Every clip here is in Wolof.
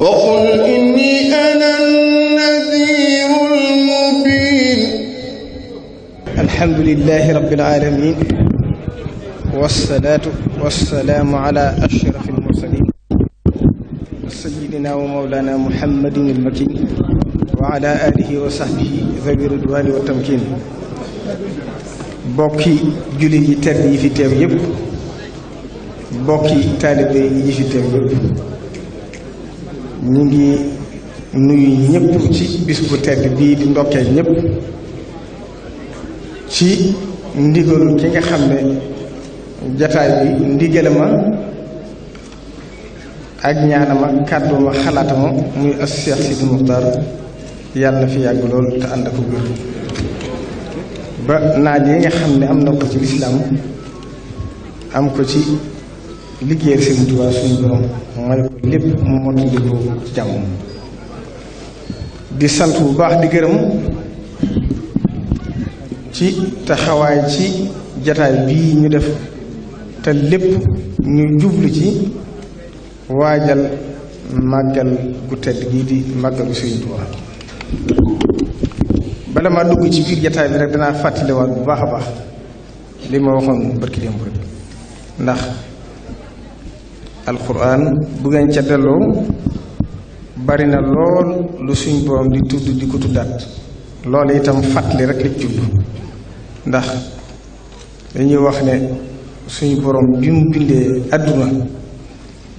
وقل إني أنا النذير المبين الحمد لله رب العالمين والصلاة والسلام على أشرف المرسلين سيدنا ومولانا محمد المكين وعلى آله وصحبه ذوي الرضوان والتمكين bokki jullit yi tedd yi fi teew yëpp bokki taalibe yi fi teew yëpp ñu ngi nuyu ñëpp ci bis bu tedd bii di ndokkee ñëpp ci ndigalu ki nga xam ne jataay bi ndigale ma ak ñaanama kàdduma xalaatama muy as Seex Sidi Muxtaar yàlla fi yàgg lool te ànd ak wér ba naaj nga xam ne am na ko ci lislaam am ko ci liggéeyal seen Tuubaa suñu borom may ko lépp mu mottali ko jàmm di sant bu baax di gërëm ci taxawaay ci jataay bii ñu def te lépp ñu jublu ci waajal màggal gu tedd gii di màggalu Sëriñ Tuubaa bala maa dugg ci biir jataay bi rek danaa fàttaliwaat bu baax a baax li ma waxoon barki démb rek ndax alquran bu ngeen ca delloo bari na lool lu suñ borom di tudd di ko tuddaat loolu itam fàttali rek la tudd ndax dañuy wax ne suñu boroom bi mu bindee àdduna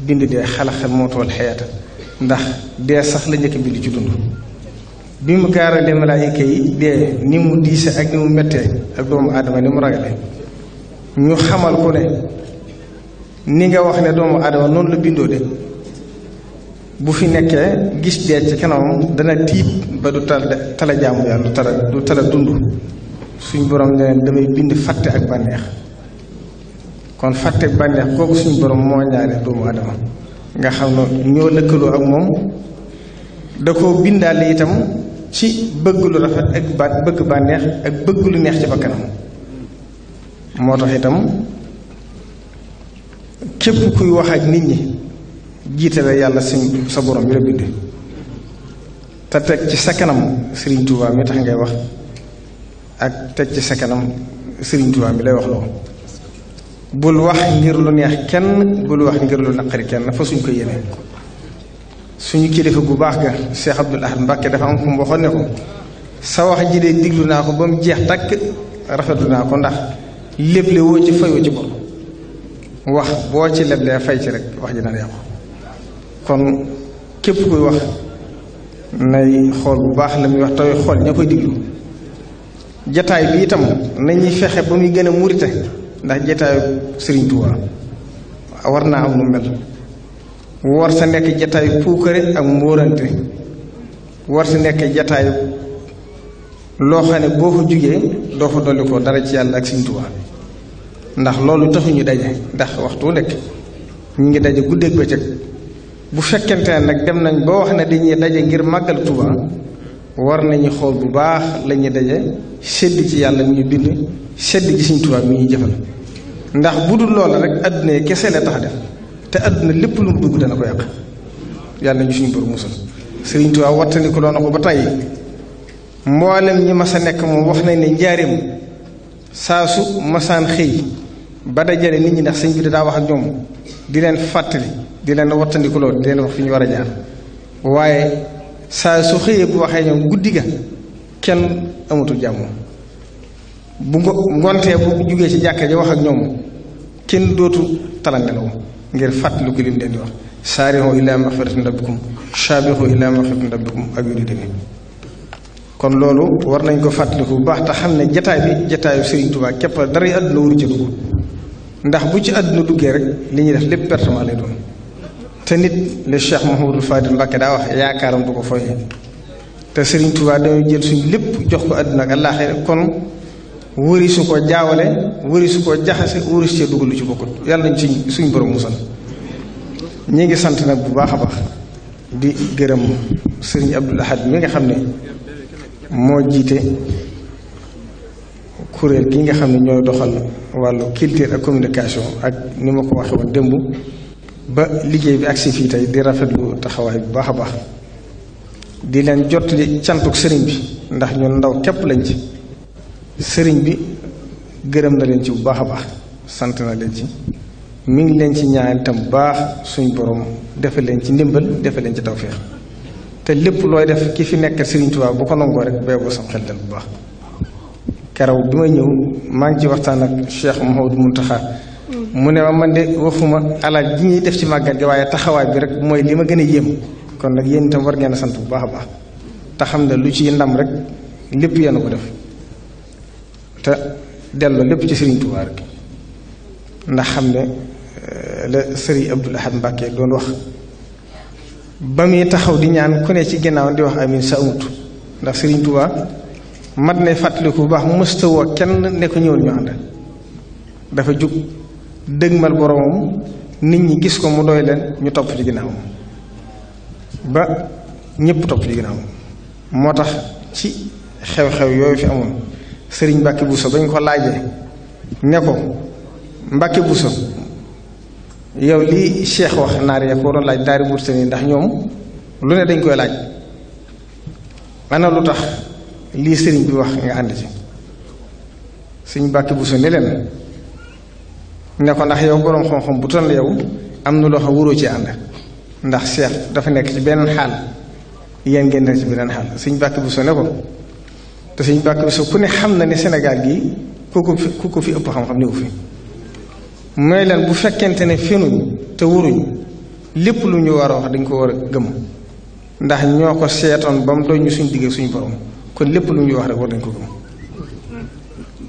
bind dee xalaxal mootool xeeta ndax dee sax la njëkk bind ci dund bi mu gaaralee malaayika yi dee ni mu diise ak ni mu mettee ak doomu aadama ni mu ragale ñu xamal ko ne ni nga wax ne doomu aadama noonu la bindoo de bu fi nekkee gis dee ci kanamam dana tiit ba du tal tala jaamu yàlla du tala dund suñ borom ne damay bind fàtte ak bànneex kon fàtte ak bànneex kooku suñ borom moo ñaare doomu adama nga xam ne ñoo lëkkaloo ak moom da koo bindaale itam ci bëgg lu rafet ak bànneex ak bëgg lu neex ci bakkanam moo tax itam képp kuy wax ak nit ñi jiitale yàlla suñ sa borom bi la bind te teg ci sa kanam Serigne Touba mi wax ak teg ci sa kanam Serigne Touba mi lay wax loo bul wax ngir lu neex kenn bul wax ngir lu naqari kenn fa suñ ko yéene suñu kilifa bu baax ga Cheikh Abdoul Ahad Mbacke dafa am fu mu waxoon sa wax ji de diglu naa ko ba mu jeex takk rafetlu naa ko ndax lépp le woo ci fayoo ci bopp wax boo ci leblee fay ci rek wax ji na yàqu kon képp kuy wax nay xool bu baax la muy wax tawee xool ña koy diglu jataay bi itam nañuy fexe ba muy gën a murite ndax jataayu Sëriñ war naa am nu mel war sa nekk jataayu puukare ak mbóorante war sa nekk jataayu loo xam ne boo ko jugee doo fa dolli ko dara ci yàlla ak Sëriñ Tuubaa ndax loolu taxuñu daje ndax waxtu nekk ñu ngi daje guddeeg bëccëg bu fekkente ne nag dem nañ boo wax ne ñuy daje ngir màggal Tuuba war nañu xool bu baax la ñuy daje sedd ci yàlla mi ñu bind sedd ci suñu Tuuba mi ñuy jëfal ndax bu dul loola rek àdduna yi kese la tax def te àdduna lépp lu mu dugg dana ko yàq yàlla ñu suñu bër musal Sëriñ Tuuba wattani ko doona ko ba tey mboolem ñi ma sa nekk moom wax nañ ne njaareem saa su masaan xëy ba dajale nit ñi ndax sëñ bi daa wax ak ñoom di leen fàttali di leen wattandikuloo di leen wax fi ñu war a jaar waaye saa su xëyee bu waxee ñoom guddi ga kenn amatul jàmm bu ngontee bu jógee ci jàkka ja wax ak ñoom kenn dootu talandelaw ngir fàttali lim leen di wax saarihu ila maxfiratin rabbikum saabihu ila maxfiratin rabbikum ak yu demee kon loolu war nañ ko fàttaliku bu baax te xam ne jataay bi jataayu Sëriñ tubaa képp dara yi àdduna ndax bu ci àdduna duggee rek li ñuy def lépp pertement doon te nit le Cheikh Mouhamadou Fadil Mbacké daa wax yaakaaram du ko fooyee te Serigne Touba dañoo jël suñ lépp jox ko àdduna ak àllaaxira kon wëri su ko jaawale wëri ko jaxase wëri su cee dugal lu ci bokkut yàlla nañ ci suñ borom musal ñi ngi sant nag bu baax a baax di gërëm Serigne Abdoul Ahad mi nga xam ne moo jiite kuréel gi nga xam ne ñoo doxal wàllu culture ak communication ak ni ma ko waxee woon démb ba liggéey bi ak si fii tey di rafet rafetlu taxawaay bu baax a baax di leen jot jottali cantuk sëriñ bi ndax ñun ndaw képp lañ ci sëriñ bi gërëm na leen ci bu baax a baax sant na leen ci mi ngi leen ci ñaan itam bu baax suñu boroom defe leen ci ndimbal defee leen ci tawféex te lépp looy def ki fi nekk sëriñ Tuubaa bu ko nangoo rek bee boo sam xel dal bu baax karaw bi may ñëw maa ngi ci waxtaan ak Cheikh Mouhamadou Mountakha mu ne ma man de waxuma alal ji ñuy def ci màggal gi waaye taxawaay bi rek mooy li ma gën a yéem kon nag yéen itam war ngeen a sant bu baax baax te xam ne lu ci ndam rek lépp yéen a ko def te delloo lépp ci Serigne rek ndax xam ne euh, la Serigne Abdoul Ahad Mbacké doon wax ba muy taxaw di ñaan ku ne ci ginnaaw di wax amin sa amut ndax Serigne Touba. mat ne fàttaliku bu baax mësta woo kenn ne ko ñëwul ñu ànd dafa jug dëgmal boromam nit ñi gis ko mu doy leen ñu topp ci ginnaawam ba ñépp topp ci ginnaawam moo tax ci xew-xew yooyu fi amoon sëriñ Mbàkke Buso ba ñu ko laajee ne ko Mbàkke Buso yow li Cheikh wax naar ya ko doon laaj daari Mauritanie ndax ñoom lu ne dañ koy laaj ana lu tax lii sëriñ bi wax nga ànd ci suñ bàkki bu su ne leen ne ko ndax yow boroom xam-xam bu toll yow am na loo xam waroo ci ànd ndax seet dafa nekk ci beneen xaal yéen ngeen nekk ci beneen xaal suñ bàkki bu su ne ko te suñ bàkki bu su ku ne xam na ne senegal gi ku ko fi ku ko fi ëpp xam-xam néew fi mooy lan bu fekkente ne fenuñ te wuruñ lépp lu ñu war a wax dañ ko war a gëm ndax ñoo ko seetoon ba mu doon ñu suñ digg suñ borom kon lépp lu ñuy wax rek war nañ ko gëm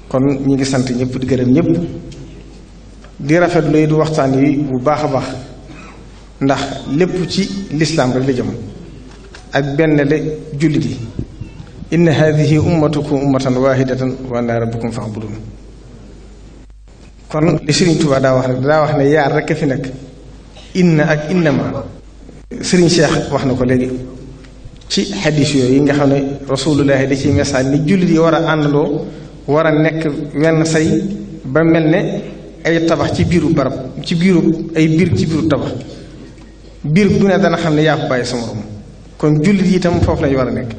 kon ñi ngi sant ñëpp di gërëm ñépp di rafet luy du waxtaan yi bu baax a baax ndax lépp ci lislaam rek la jëm ak benn le jullit yi inna hadihi ummatukum ummatan wahidatan wa ana rabbukum fa'budun kon li sëriñ Tuubaa daa wax rek daa wax ne yaar rek fi nekk inna ak ma sëriñ Cheikh wax na ko léegi ci xadis yooyu nga xam ne rasulullahi da ciy message ni jullit yi war a àndandoo war a nekk wenn say ba mel ne ay tabax ci biiru barab ci biiru ay biir ci biiru tabax biir bu ne dana xam ne yaa bàyyi sa morom kon jullit yi itam foofu lañu war a nekk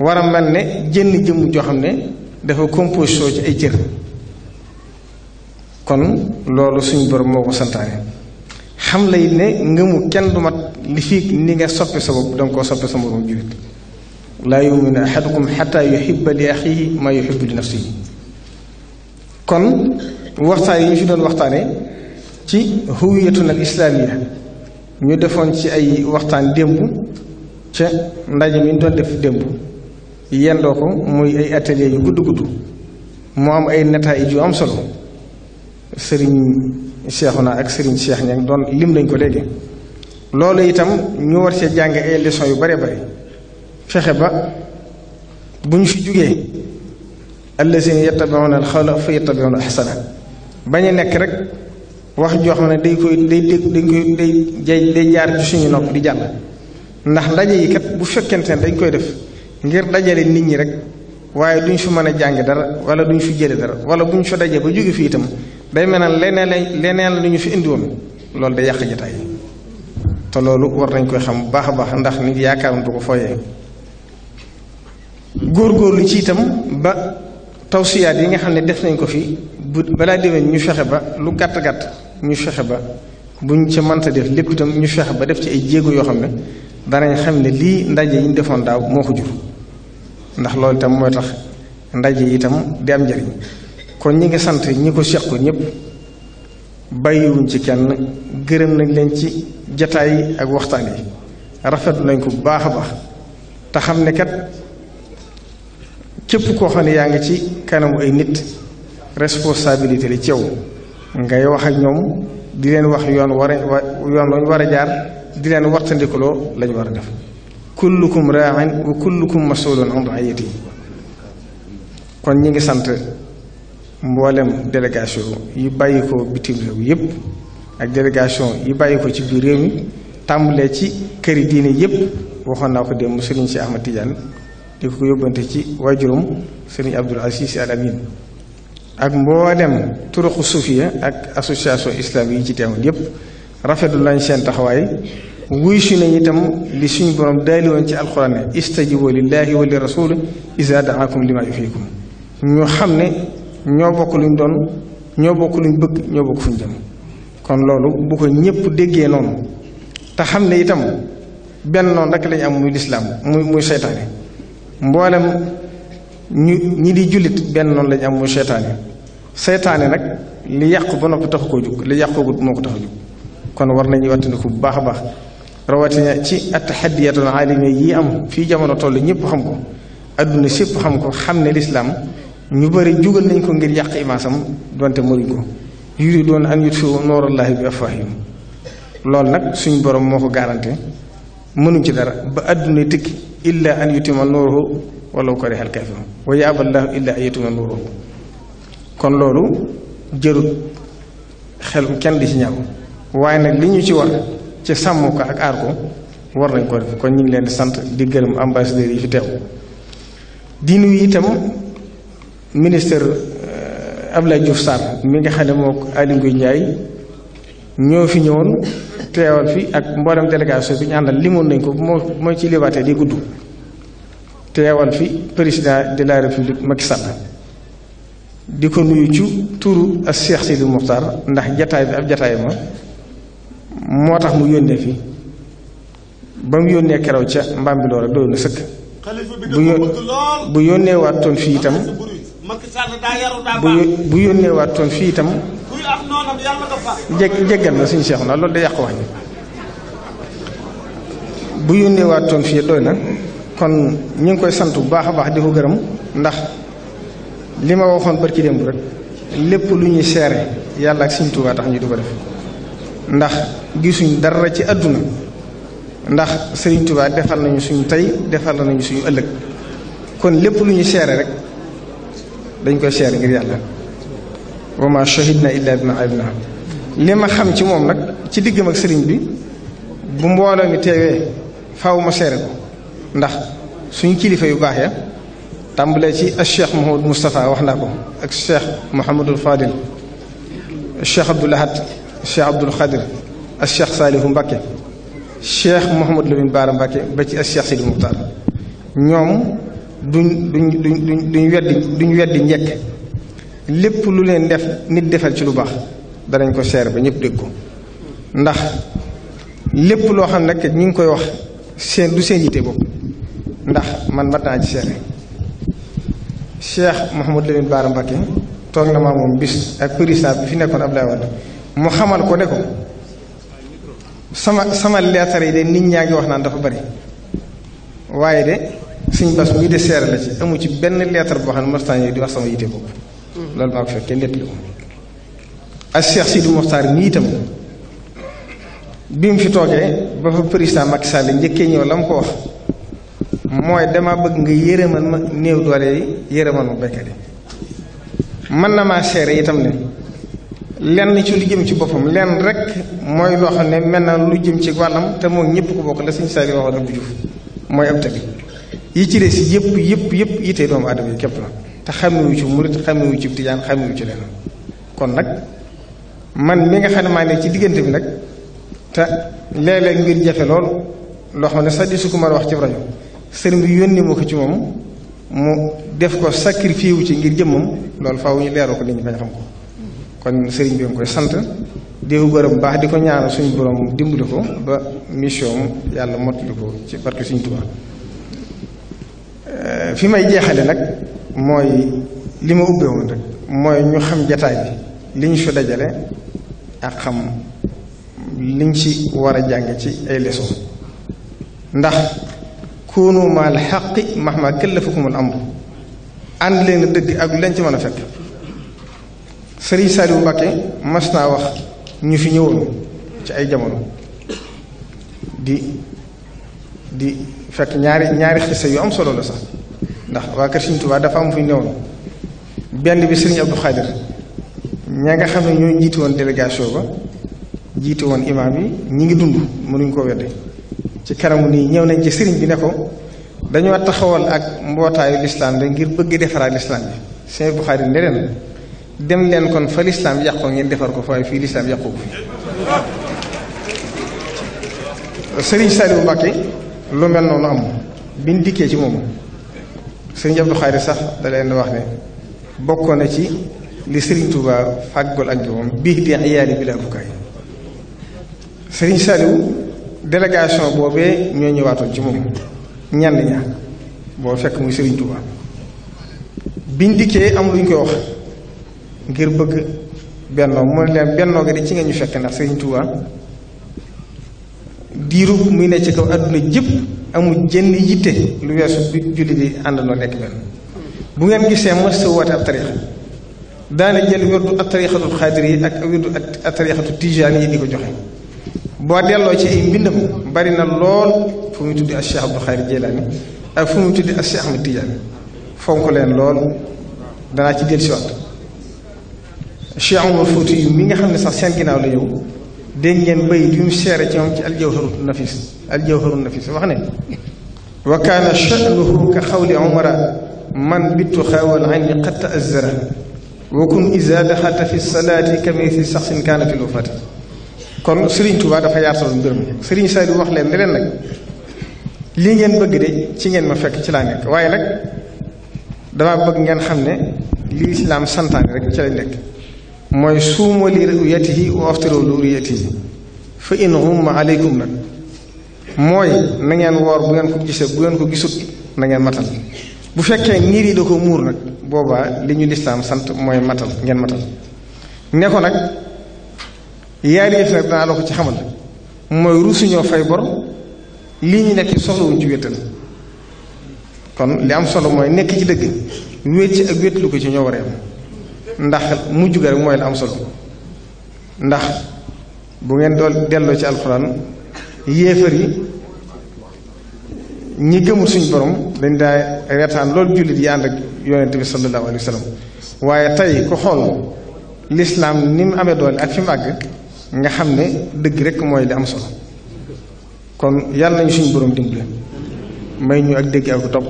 war a mel ne jënn jëmm joo xam ne dafa composition ci ay cër kon loolu suñu borom moo ko santaane xam lay ne ngëmu kenn du mat li fii ni nga soppi sa bopp danga koo soppi sa moroom julit laa yuminu ahadukum xata yuhibba li axihi ma yuhibbu li nafsihi kon waxtaan yi ñu fi doon waxtaane ci huwiyatuna al islaamiya ñu defoon ci ay waxtaan démb ca ndaje mi ñu doon def démb yendoo ko muy ay atelier yu gudd gudd mu am ay nataay yu am solo sëriñ naa ak Serigne Cheikh ña doon lim nañ ko léegi loolu itam ñu war cee jàng ay leçons yu bare bare fexe ba bu ñu fi jógee allazina yattabi'una al-qawla fa yattabi'una ahsana bañ a nekk rek wax joo xam ne dañ koy day dañ koy day day jaar ci suñu nopp di jàll ndax ndaje yi kat bu fekkente ne dañ koy def ngir dajale nit ñi rek waaye duñ fi mën a jàng dara wala duñ fi jële dara wala buñ fi dajee ba jóge fi itam day mel ne leneen leneen lu ñu fi indi woon loolu day yàq jotaay te loolu war nañ koy xam bu baax a baax ndax nit yaakaaram du ko fooyee góorgóorlu ci itam ba tawsiyaat yi nga xam ne def nañ ko fi bu balaa déwén ñu fexe ba lu gàtt gàtt ñu fexe ba buñ ca mënta def lépp itam ñu fexe ba def ci ay jéego yoo xam ne danañ xam ne lii ndaje yi ñu defoon daaw moo ko jur ndax loolu itam mooy tax ndaje yi itam di am njëriñ. kon ñi ngi sant ñi ko seq ñëpp bàyyiwuñ ci kenn gërëm nañ leen ci jataay ak waxtaan yi rafetlu nañ ko bu baax a baax te xam ne kat képp koo xam ne yaa ngi ci kanamu ay nit responsabilité li ci yow ngay wax ak ñoom di leen wax yoon war a yoon wañ war a jaar di leen wartandikuloo lañ war a def kullukum raain wa kullukum masulun an raayati kon ñi ngi sant mboolem délégation yi bàyyi ko bitim réew yépp ak délégation yi bàyyi ko ci biir réew mi tàmbalee ci këri diine yépp waxoon naa ko démb sëriñ si Ahmad Tidiane di ko yóbbante ci waajuram sëriñ Abdul Aziz Al Amin ak mboolem turuqu suufiya ak association islam yi ci teewoon yépp rafetlu lañ seen taxawaay wuy si nañ itam li suñu borom daali woon ci alxuraan ne istajibu lillahi wa li rasul isa daakum lima ñu xam ne ñoo bokk luñ doon ñoo bokk luñ bëgg ñoo bokk fuñ jëm kon loolu bu ko ñépp déggee noonu te xam ne itam benn noonu rek lañu am muy lislaam muy muy seytaane mboolem ñu ñi di jullit benn noonu lañu am muy seytaane seytaane nag li yàqu ba noppi taxu koo jug li yàqoogut moo ko tax a jug kon war nañuy wattandiku bu baax a baax rawatina ci attahadiyatul aalamiya yi am fii jamono toll ñëpp xam ko adduna sépp xam ko xam ne lislaam ñu bari jugal nañ ko ngir yàq imaasam donte mënuñ ko yuriduuna an yutfiu noorallahi bi afwaahihim loolu nag suñ boroom moo ko garanté mënuñ ci dara ba àdduna tikki illa an yutima nuurahu walaw kariha al-kaafiruun wa yaaballaahu kon loolu jërut xelum kenn di ci ñaw waaye nag li ñu ci war ci sàmm ko ak aar ko war nañ ko def kon ñu leen di sant di gërëm ambassadeurs yi fi teew diinu yi itam Euh, ab lay Diouf Sarr mi nga xam ne moo Aly Ngouille Ndiaye ñoo fi ñëwoon teewal fi ak mboolem délégation bi ñu àndal limoon nañ ko moo mooy ci libaatee di gudd teewal fi président de la république Macky Sall di ko nuyu ci turu ak Cheikh Sidi Mokhtar ndax jataay bi ab jataay moo tax mu yónnee fi ba mu yónnee keroog ca mbaam bi loola doy na sëkk bu yónnee waatoon fii itam Macky Sall daa yaru daa baax fii itam. kuy am noonam yàlla ko na suñu Cheikh na loolu da yàq wax ji bu yónnee waatoon fii doy na kon ñu ngi koy sant bu baax a baax di ko gërëm ndax li ma waxoon barki démb rek lépp lu ñuy seere yàlla ak suñu Tuubaa tax ñu di ko def ndax gisuñu dara ci àdduna ndax Sëriñ Tuubaa defal nañu suñu tey defal nañu suñu ëllëg kon lépp lu ñuy seere rek. dañ koy seer ngir yàlla wa ma shahidna illa bima alimna li ma xam ci moom nag ci diggam ak sëriñ bi bu mbooloo mi teewee faaw ma seere ko ndax suñ kilifa yu baax ya tàmbalee ci ak cheikh Mouhamadou Moustapha wax naa ko ak cheikh Mouhamadou Fadil cheikh Abdoul Ahad cheikh Abdoul Khadir ak cheikh Salihu Mbacke cheikh Mouhamadou Lamine Bara Mbacke ba ci ak cheikh Sidi Moukhtar ñoom duñ duñ duñ duñ weddi duñ njekk lépp lu leen def nit defal ci lu baax danañ ko seer ba ñëpp dégg ko ndax lépp loo xam nag ñu ngi koy wax seen du seen yite bopp ndax man mat naa ci seere Cheikh Mouhamadou Lamine Bara Mbacké toog na maa moom bis ak président bi fi nekkoon Abdoulaye mu xamal ko ne ko sama sama leetar yi de nit ñaa ngi wax naan dafa bari waaye de suñ bas mii de seere la ci amu ci benn leetar boo xam ne mastaan yi di wax sama yite bopp mm-hmm. loolu maa ko fekkee ak Cheikh Sidi Mokhtar mii itam bi mu fi toogee ba fa président Macky Sall njëkkee ñëw la mu ko wax mooy dama bëgg nga yërëmal ma néew doole yi ma béykat na maa seere itam ne lenn ci lu jëm ci boppam lenn rek mooy loo xam ne mel na lu jëm ci wàllam te moom ñëpp ko bokk la suñu saa yi waxoon na bu juf mooy ab tëbi yi ci des yëpp yëpp yëpp yite doomu aadama yi képp la te xamewu ci murit xamewu ci tijaan xamewu ci leen kon nag man mi nga xam ne maa ne ci diggante bi nag te léeg-léeg ngir jafe lool loo xam ne sax di su ko mën wax ci rajo sëriñ bi yónni ma ko ci moom mu def ko sacrifié wu ci ngir jëmmam loolu faaw ñu leeroo ko nit ñi bañ xam ko kon sëriñ bi nga koy sant di ko gërëm baax di ko ñaanal suñu borom dimbali ko ba mission yàlla mottali ko ci barke Euh, fi may jeexale nag mooy li ma ubbee woon rek mooy ñu xam jataay bi li ñu fi dajale ak xam liñ ci war a jàng ci ay leçon ndax kunu maal xaqi mahma kallafakumul amru ànd leen dëgg ak leen ci mën a fekk Sëriñ Saliou Mbacké mas naa wax ñu fi ñëwoon ci ay jamono di di fekk ñaari ñaari xisa yu am solo la sax ndax waa kër Sëriñ Tuubaa dafa am fu ñu newoon benn bi Sëriñ Abdou Khadir ña nga xam ne ñoo jiite woon délégation ba jiite woon imaam yi ñi ngi dund mënuñ ko wedde ci kanamu nii ñëw nañ ci sëriñ bi ne ko dañoo taxawal ak mbootaayu lislaam bi ngir bëgg defaraat lislaam bi Sëriñ Abdou Khadir ne leen dem leen kon fa lislaam yàqoo ngeen defar ko waaye fii lislaam yàqoo ko fi sëriñ Saliou Mbacké lu mel noonu am biñ dikkee ci moom sëriñ Abdou Khadre sax da leen wax ne bokkoon na ci li sëriñ Touba fàggul ak moom bii di ayaali bi la abukaay sëriñ Saliou délégation boobee ñoo ñëwaatoon ci moom ñan ña boo fekk muy sëriñ Touba biñ dikkee am luñ koy wax ngir bëgg bennoo mu ne leen bennoo gi di ci nga ñu fekk ndax sëriñ Touba. diiru muy ne ci kaw àdduna jëpp amul jenn yitte lu weesu bi julli di àndandoo nekk benn bu ngeen gisee mës a woote ab tarixa daana jël wirdu at tarixatul xaadir yi ak wirdu at tarixatu tijaan yi di ko joxe boo delloo ci ay mbindam bari na lool fu muy tuddi ak Cheikh Abdou Xaadir fonk leen lool danaa ci dellusiwaat Cheikh Omar Fouti yu mi nga xam ne sax seen ginnaaw la ñëw dégg ngeen bay yu mu seere ci moom ci aljawharu nafis aljawharu nafis wax ne wa kaana sha'nuhu ka xawli umara man bittu xaawal ani qad ta'azzara wa kun iza daxalta fi salaati kamisi saxsin kaana fi lufati kon Serigne Touba dafa yaatal mbir mi Serigne Saliou wax leen ne leen nag lii ngeen bëgg de ci ngeen ma fekk ci laa nekk waaye nag damaa bëgg ngeen xam ne li islaam santaane rek ci lañ nekk mooy suuma li ru'yatihi wa aftiru li ru'yatihi fa in ghumma aleykum nag mooy na ngeen woor bu ngeen ko gisee bu ngeen ko gisut na ngeen matal bu fekkee niir yi da ko muur nag boobaa li ñu lislaam sant mooy matal ngeen matal ne ko nag yaari yëf nag danaa la ko ci xamal mooy ruusuñoo fay bor lii ñu nekk soxlawuñ ci wéttal kon li am solo mooy nekk ci dëgg wéet ci ak wéetlu ko ci ñoo waree am ndax mu ga rek mooy la am solo ndax bu ngeen dool delloo ci alxuraan yéefar yi ñi gëmul suñu borom dañ daa reetaan loolu jullit yi ànd ak yonent bi sallallahu alayhi waaye tey ku xool lislaam ni mu amee doole ak fi mu nga xam ne dëgg rekk mooy li am solo kon yàlla nañu suñu borom dimbale may ñu ak dégg ak topp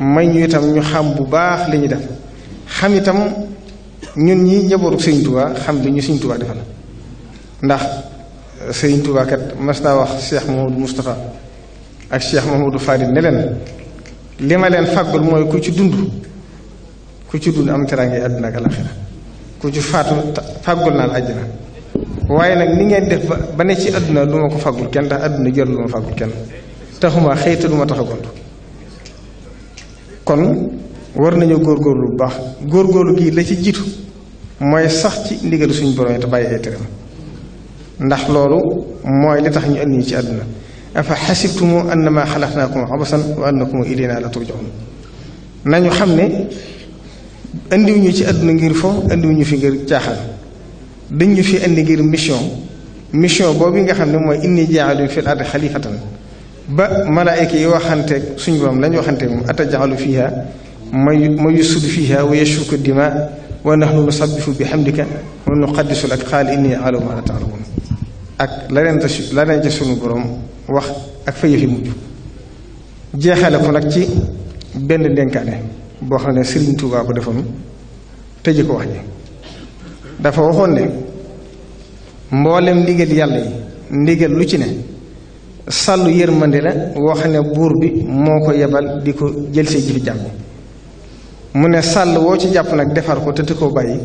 may ñu itam ñu xam bu baax li ñuy def xam itam ñun ñi njabootu sëñ tubaa xam li ñu Sëriñ Tuubaa defal ndax Sëriñ Tuubaa kat mas wax Cheikh Mamadou Moustapha ak Cheikh Mamadou Fadil ne leen li ma leen fàggul mooy ku ci dund ku ci dund am teraange àddina ak alaxira ku ci faatu fàggul naa la àjjana waaye nag ni ngeen def ba ba ne ci àdduna du ma ko fàggul kenn ndax àdduna jël lu ma fàggul kenn taxuma xëy te du ma tax a gont kon war nañoo góorgóorlu bu baax góorgóorlu gii la ci jiitu mooy sax ci ndigal suñu borom yi te bàyyi ay tëram ndax loolu mooy li tax ñu indi ci àdduna afa xasibtumu annama xalaqnaakum abasan wa annakum ilayna la turjaun nañu xam ne indiwuñu ci àdduna ngir fo indiwuñu fi ngir caaxaan dañu fi indi ngir mission mission boobu nga xam ne mooy inni jaalu fil ardi xalifatan ba malaayka yi waxanteeg suñu borom lañu waxanteeg moom ata jaalu fiha may ma yusudu fiha wa yashuku dima wa nahnu nusabbihu bi hamdika wa nuqaddisu lak qaal inni a'lamu ma la ta'lamun ak laneen ca laneen ca sunu boroom wax ak fa yëfi mujj jeexale ko nag ci benn dénkaane boo xam ne Sëriñ Tuubaa ko defoon tëje ko wax ji dafa waxoon ne mboolem ndigal yàlla yi ndigal lu ci ne sàllu yërmande la woo xam ne buur bi moo ko yebal di ko jël see jifi jàmm mu ne sàll woo ci jàpp nag defar ko te te koo bàyyi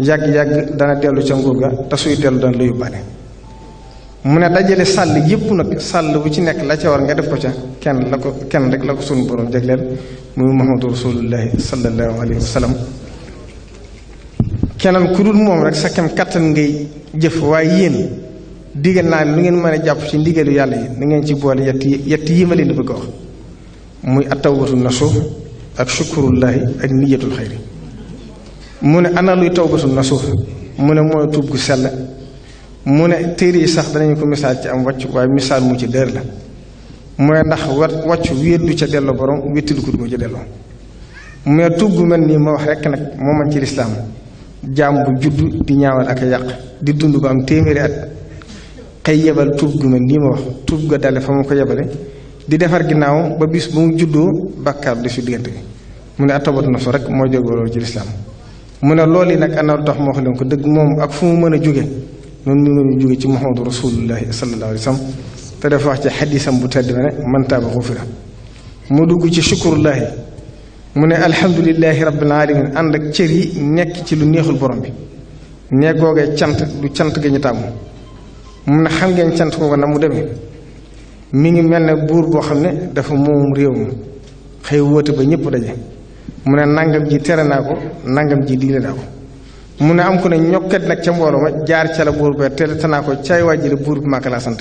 yàgg-yàgg dana dellu ca nguur ga te suy dellu dana la yóbbaale mu ne dajale sàll yépp nag sàll bu ci nekk la ca war nga def ko ca kenn la ko kenn rek la ko sunu borom jagleel muy Muhammadu Rasulullahi sallallahu alayhi wa sallam keneen ku dul moom rek sa kem kattan ngay jëf waaye yéen digal naan lu ngeen mën a jàpp ci ndigalu yàlla yi na ngeen ci boole yett yett yi ma leen di bëgg a wax muy attawbatu nasuuh ak shukurullahi ak niyatul xayri mu ne ana luy tawbatu nasuux mu ne mooy tuub gu sell mu ne téere yi sax danañu ko misaal ci am wàcc waaye misaal mu ci dër la mooy ndax wacc wàcc wéedu ca delloo borom wéttilu ko du ca delloo mais tuub gu mel nii ma wax rekk nag moo ci lislaam jaam bu judd di ñaawal ak a yàq di dund ba am téeméeri at xëy yebal tuub gu mel nii ma wax tuub ga dale fa mu ko yebale di defar ginnaaw ba bis bu mu juddoo bàkkaar du fi diggante bi mu ne atabat na fa rek moo jóge loolu ci lislaam mu ne lool yi nag ana tax moo xam leen ko dëgg moom ak fu mu mën a jóge noonu mu mën ci Muhammadu Rasulullahi sallallahu alayhi wa sallam te ci xadisam bu tedd ne man taaba xufira mu dugg ci shukurullahi mu ne alhamdulillahi rabbil alamin ànd ak cër yi nekk ci lu neexul borom bi ne googee cant du cant ga ñu tàmm mu ne xam ngeen cant ko na mu demee mi ngi mel na buur boo xam ne dafa moom réew mi xëy wóote ba ñëpp daje mu ne nangam ji tere naa ko nangam ji digle naa ko mu ne am ku ne ñokkat nag ca mbooloo ma jaar ca la buur naa ko caay waa ji la buur bi màkk sant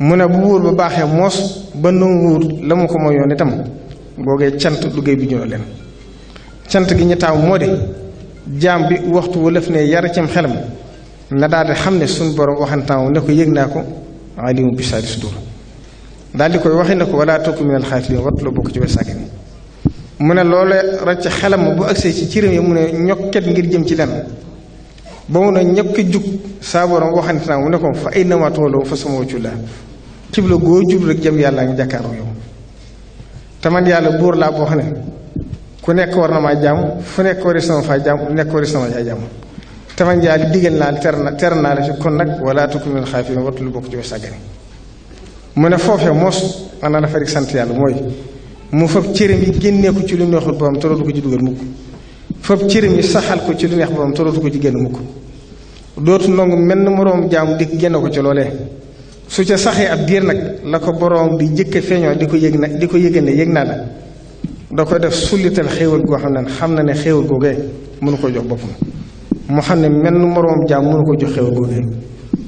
mu ne bu buur ba baaxee moos ba nanguwut la mu ko moyoon itam boogee cant duggee bi ñoo leen cant gi ñu taaw moo de jaam bi waxtu wu wëlëf ne yar cim xelam na daal di xam ne suñu borom waxantaaw ne ko yëg naa ko alimu bi saadi sudur daal di koy waxi ne ko wala tokku minal xaafiliin wartuloo bokk mu ne loolu racc xelam bu agsee ci cëram yi mu ne ñokket ngir jëm ci lenn ba mu ne ñokki jug saa borom waxante naa mu ne ko la kibla goo jub rek jëm yàlla nga jàkkaaru yow te yàlla buur laa boo xam ne ku nekk war na maa jàmm fu nekk wari sama faa jàmm nekk wari sama yaa jàmm tama njaali digal naa ter na ter naa la fi kon nag wala tukunul xaafirin wattu lu bokk ci way sàggane mu ne foofee moos ana dafa rek sant yàlla mooy mu fab cëram yi génnee ko ci lu neexul borom te dootu ko ci dugal mukk fab cëram yi ko ci lu neex borom te dootu ko ci génn mukk dootu nangu menn moroom jaamu dikk génn ko ci loolee su ca saxee ab diir nag la ko borom di jëkk feeñoo di ko yëg na di ko yëgal ne yëg naa la da ko def sullital xéewal goo xam ne xam na ne xéewal googee mënu ko jox boppam moo xam ne menn moroom jaam mënu ko jox xew googu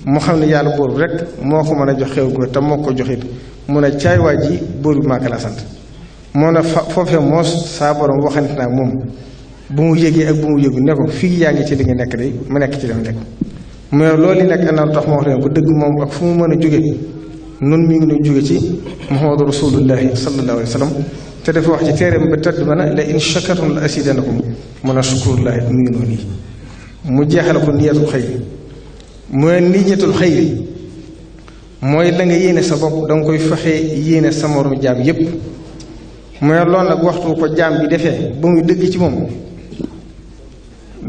mu xam ne yàlla buur rek moo ko mën a jox xew googu te moo ko joxit mu ne caay waa ji buur bi la sant moo ne fa foofee moos saa borom waxante naa moom bu mu yëgee ak bu mu yëgu ne ko fii yaa ngi ci li nga nekk de mu nekk ci li mu nekk mais loolu yi nekk anam tax ma wax leen ko dëgg moom ak fu mu mën a jóge noonu mu ngi doon jóge ci muhammadu rasulullahi sallallahu alayhi wa sallam te dafa wax ci teereem ba tëdd ba na la in shakartum mu jeexal ko niyatul xëyri mooy niyatul xëyri mooy la nga yéene sa bopp danga koy fexe yéene sa moromu jaam yépp mooy loolu ak waxtu ko jaam bi defee ba muy dëgg ci moom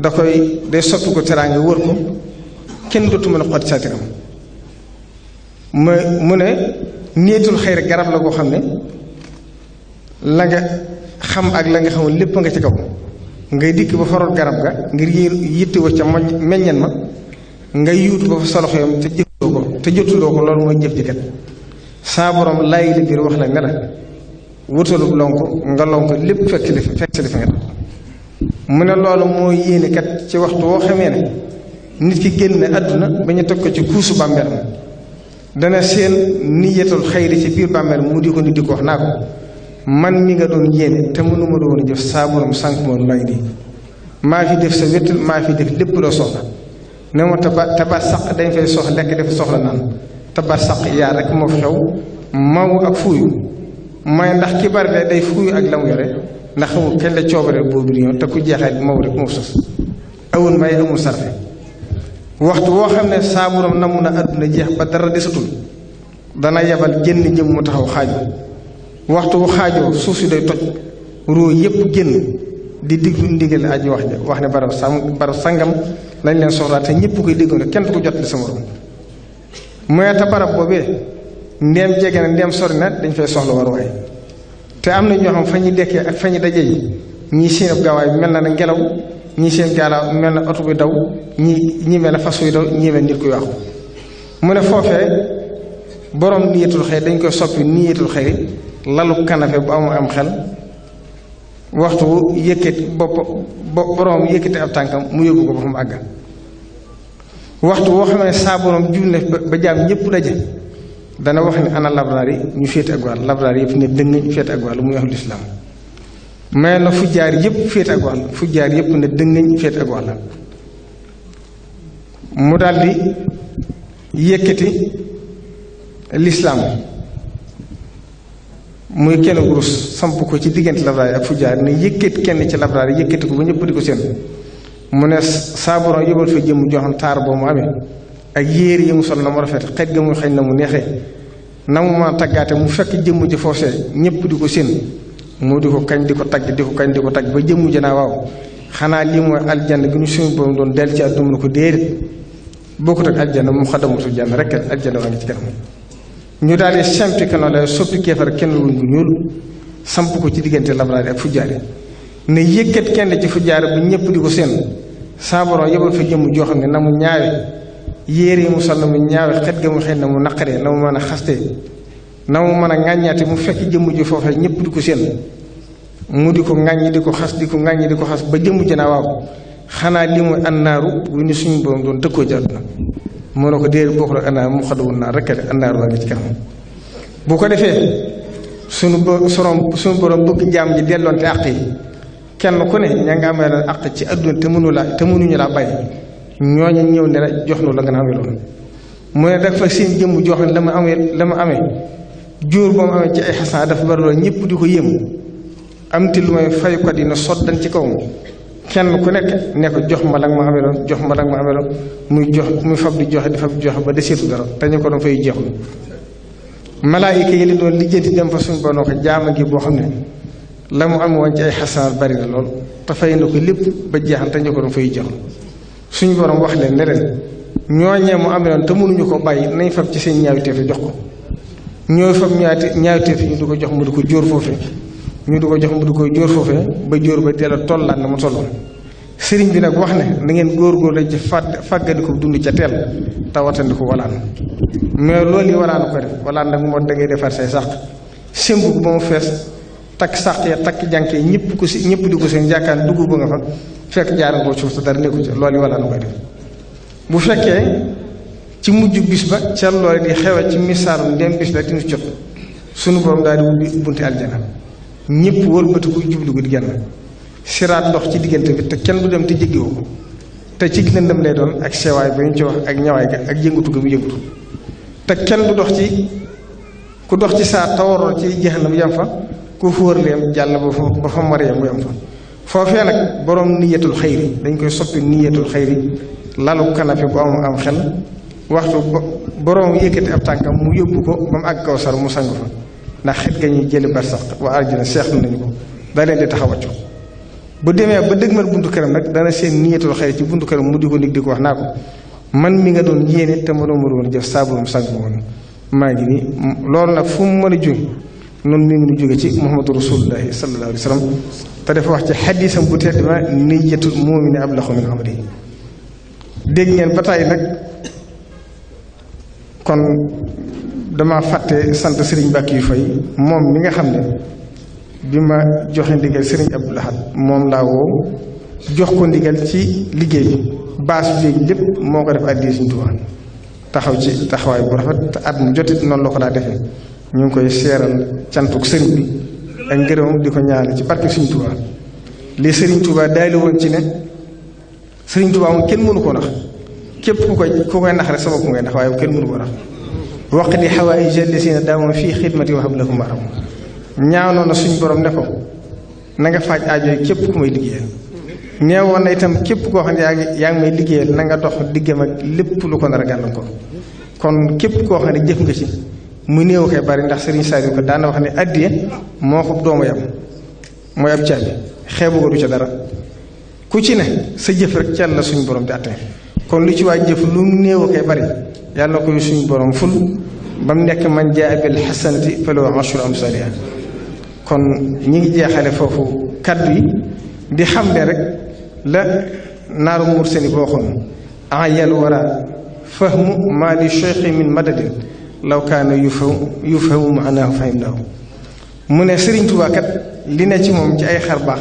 da koy day sotti ko teraanga wër ko kenn dootu mën a xotti saatiram mu mu ne niyatul xëyri garab la goo xam ne la nga xam ak la nga xamul lépp nga ci kaw ngay dikk ba faroot garab ga ngir yittewoo ca meññeen ma ngay yuutu ba fa sa loxo yam te jëfandoo ko te jotuloo ko loolu mooy jëf ji kat saa borom laay la wax la ne la wutalub lonk nga lonk lépp fekk li fekk li fi nga mu ne loolu moo yéene kat ci waxtu woo xamee ne nit ki génn àdduna ba ñu teg ko ci kuusu bàmbeeram dana seen niyatul xayri ci biir bàmbeeram mu di ko nit di wax naa ko man mi nga doon yéene te mënuma doon jëf saa borom sànq moom maa ngi nii maa fi def sa wét maa fi def lépp loo soxla ne ma taba taba saq dañ fay soxla lekk def soxla naan taba saq yaa rek moo fi xew maw ak fuuyu may ndax ki bari day fuuyu ak la ndax xamul kenn la coobare boobu di te ku jeexee maw rek moo sos awul may amul sarfe waxtu woo xam ne saa na namu na àdduna jeex ba dara desatul dana yebal jën jëm mu taxaw xaaju waxtu wu xaajoo suuf si day toj roo yépp génn di diglu ndigal aji wax ja wax ne barab sàm barab sangam lañ leen soxlaa te ñëpp koy déggandoo kenn du ko jot li sa morom mooy te barab boobee ndeem jege na ndeem sori na dañ fay soxla war waay te am na ñoo xam fa ñuy dekkee ak fa ñuy daje yi ñii seen ab gaawaay mel na na ngelaw ñii seen gaalaa mel na oto bi daw ñii ñii mel na fas buy daw ñii mel nit ku yàqu mu ne foofee borom niyatul xëy dañ koy soppi niyatul xëy lalu kanafe bu amul am xel waxtu yëkkati bopp borom yëkkati ab tànkam mu yóbbu ko ba fa mu àgg waxtu woo xam ne saa borom jub na ba jaam ñëpp daje dana wax ne ana labraar yi ñu féete ak wàll labraar yëpp ne dëng ñu ak wàll muy ahlu islaam may na fu jaar yëpp féete ak wàll fu jaar yëpp ne dëng ñu féete ak wàll mu daldi yëkkati lislaam muy kenn gurus samp ko ci diggante labraar yi ak fujjaar ne yëkkat kenn ci labraar yi ko ba ñëpp di ko seen mu ne saa borom yóbbal fa jëm joxam taar boo mu amee ak yéer yi mu sol na mu rafet xet ga muy xeeñ na mu neexee na mu ma taggaate mu fekk jëmm ji foofee ñëpp di ko seen moo di ko kañ di ko tagg di ko kañ di ko tagg ba jëmm ji naa waaw xanaa lii mooy aljanna gi ñu suñu borom doon del ci àdduna ko déedéet bokkut ak aljanna mu xadamatu jann rek aljanna waa ngi ci ñu daal di sempi keno lay soppi keefar kenn lu ñuul samp ko ci diggante labraari ak fujjaari ne yëkkat kenn ci fujjaari bu ñëpp di ko seen saaboro yebal fa jëmm joo xam ne na mu ñaawe yi mu sol mu ñaawe xet ga na mu naqaree na mu mën a xaste na mu mën a ŋàññaate mu fekk jëmm ji foofee ñëpp di ko seen mu di ko ŋàññi di ko xas di ko ŋàññi di ko xas ba jëmm ji naa waaw xanaa li mooy annaaru bu ni suñu borom doon dëkkoo jàdduna moo ne ko déedéet boo xoolee annaar mu naa rek de annaar waa ko defee sunu bo sorom sunu borom bëgg jaam ji delloonte àq yi kenn ku ne ña nga amee la àq ci àdduna te mënu laa te mënuñu laa bàyyi ñooñu ñëw ne la jox nu la nga na amee loolu mu ne dafa seen jëmm joo xam la ma amee la ma amee jur ba mu amee ci ay xasan dafa bari loolu ñëpp di ko yéem am te lu may fay ko dina soddan ci kaw mi kenn ku nekk ne jox ma la nga ma ameloon jox ma la nga ma ameloon muy jox muy fab di joxe di fab di joxe ba deseetu dara te ñu ko doon fay jeexul malaayika yi li doon lijjanti dem fa suñu bonoo ko jaama gi boo xam ne la mu am woon ci ay xasaar bari na lool te fay na ko lépp ba jeexal te ñu ko doon fay jeexul suñu borom wax leen ne leen ñooñee mu ameloon te mënuñu ko bàyyi nañ fab ci seen ñaawteef jox ko ñooy fab ñaawteef ñu di ko jox mu di ko jóor foofee ñu di ko jox mu di koy jóor foofee ba jóor ba delloo tollaat na mu toll sëriñ bi nag wax ne na ngeen góorgóorlu ci fàgg fàggandiku dund ca teel te wattandiku walaan mais loolu yi walaan ko def walaan nag moo dangay defar say sàq simb ba takk sàq yi ñëpp ko si ñëpp di seen jàkkaan dugg ba nga fa fekk jaar nga ko suuf te dara nekku ca loolu yi walaan koy def bu fekkee ci mujj bis ba ca loolu di xewe ci misaarum ndem bis la timis jot sunu borom daal di ubbi bunti aljana ñëpp wëlbatiku jublu ko di genn siraat dox ci diggante bi te kenn du dem te jéggiwoo ko te ci lëndëm lay doon ak sewaay ba ñu ci wax ak ñawaay ga ak yëngatu ga mu yëngatu te kenn du dox ci ku dox ci saa tawaroon ci jahannam yam fa ku fóorleem jàll ba fa ba fa mariyam bu yam fa foofee nag borom niyatul xayri dañ koy soppi niyatul xayri lalu kanafe bu am am xel waxtu boroom yëkkati ab tànkam mu yóbbu ko ba mu àgg kaw sar mu sang fa ndax xet ga ñuy jëli barsax waa arjuna seexlu nañu ko da leen di taxawaccu bu demee ba dëgg man buntu këram nag dana seen niyetul xëy ci buntu këram mu di ko nit di ko wax naa ko man mi nga doon yéene te mënoo ma doon jëf saaburum sàgg woon maa ngi nii loolu nag fu mën a jóge noonu mi ngi nu jóge ci muhammadu rasulullahi sallallahu alayhi wa sallam te dafa wax ci xadisam bu tedd ba niyatul mu'mini ablaxu min amali dégg ngeen ba tàyyi nag kon dama fàtte sant Serigne Bakki Faye moom mi nga xam ne bi ma joxe ndigal Serigne Abdou Lahad moom laa woo jox ko ndigal ci liggéey bi baas bi lépp moo ko def addi Serigne Touba taxaw ci taxawaay bu rafet te at mu jotit noonu la ñu ngi koy seeral cantuk Serigne bi ak ngërëmam di ko ñaanal ci barke Serigne Touba li Serigne Touba woon ci ne Serigne Touba moom kenn mënu koo nax képp ku koy ku koy nax rek sa bopp ngay nax waaye kenn mënu ko nax waq di xawaaij allasina daamoom fii xidmati wa hablahum maram ñaanoon na suñ borom ne ko na nga faaj aajo képp ku may liggéeyal neewoon na itam képp koo xam ne yaa ngi yaa ngi may liggéeyal na nga dox diggam ak lépp lu ko nar a gàllan ko kon képp koo xam ne jëf nga ci mu néew koy bari ndax Serigne Saliou ko daana wax ne addiya moo ko doomu yam mooy ab caabi xeebu ko ca dara ku ci ne sa jëf rek ci la suñ borom di àtte kon lu ci waa jëf lu mu néew koy bari yàlla koy suñu boroom ful ba mu nekk man jaa bil xasanati falahu ashru amsaliha kon ñi ngi jeexale foofu kaddu yi di xam ne rek la naaru mursali boo xoon ayal wara fahmu maa li cheikhi min mu ne Sëriñ Tuubaa li ne ci moom ci ay xar baax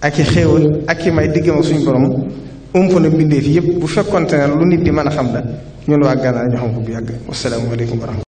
ak i xéewal ak i may diggam suñu borom ump na mbindeef yëpp bu fekkonte ne lu nit di mën a xam la ñun waa Gànnaar ñu xam ko bu yàgg wasalaamaaleykum wa rahmatulah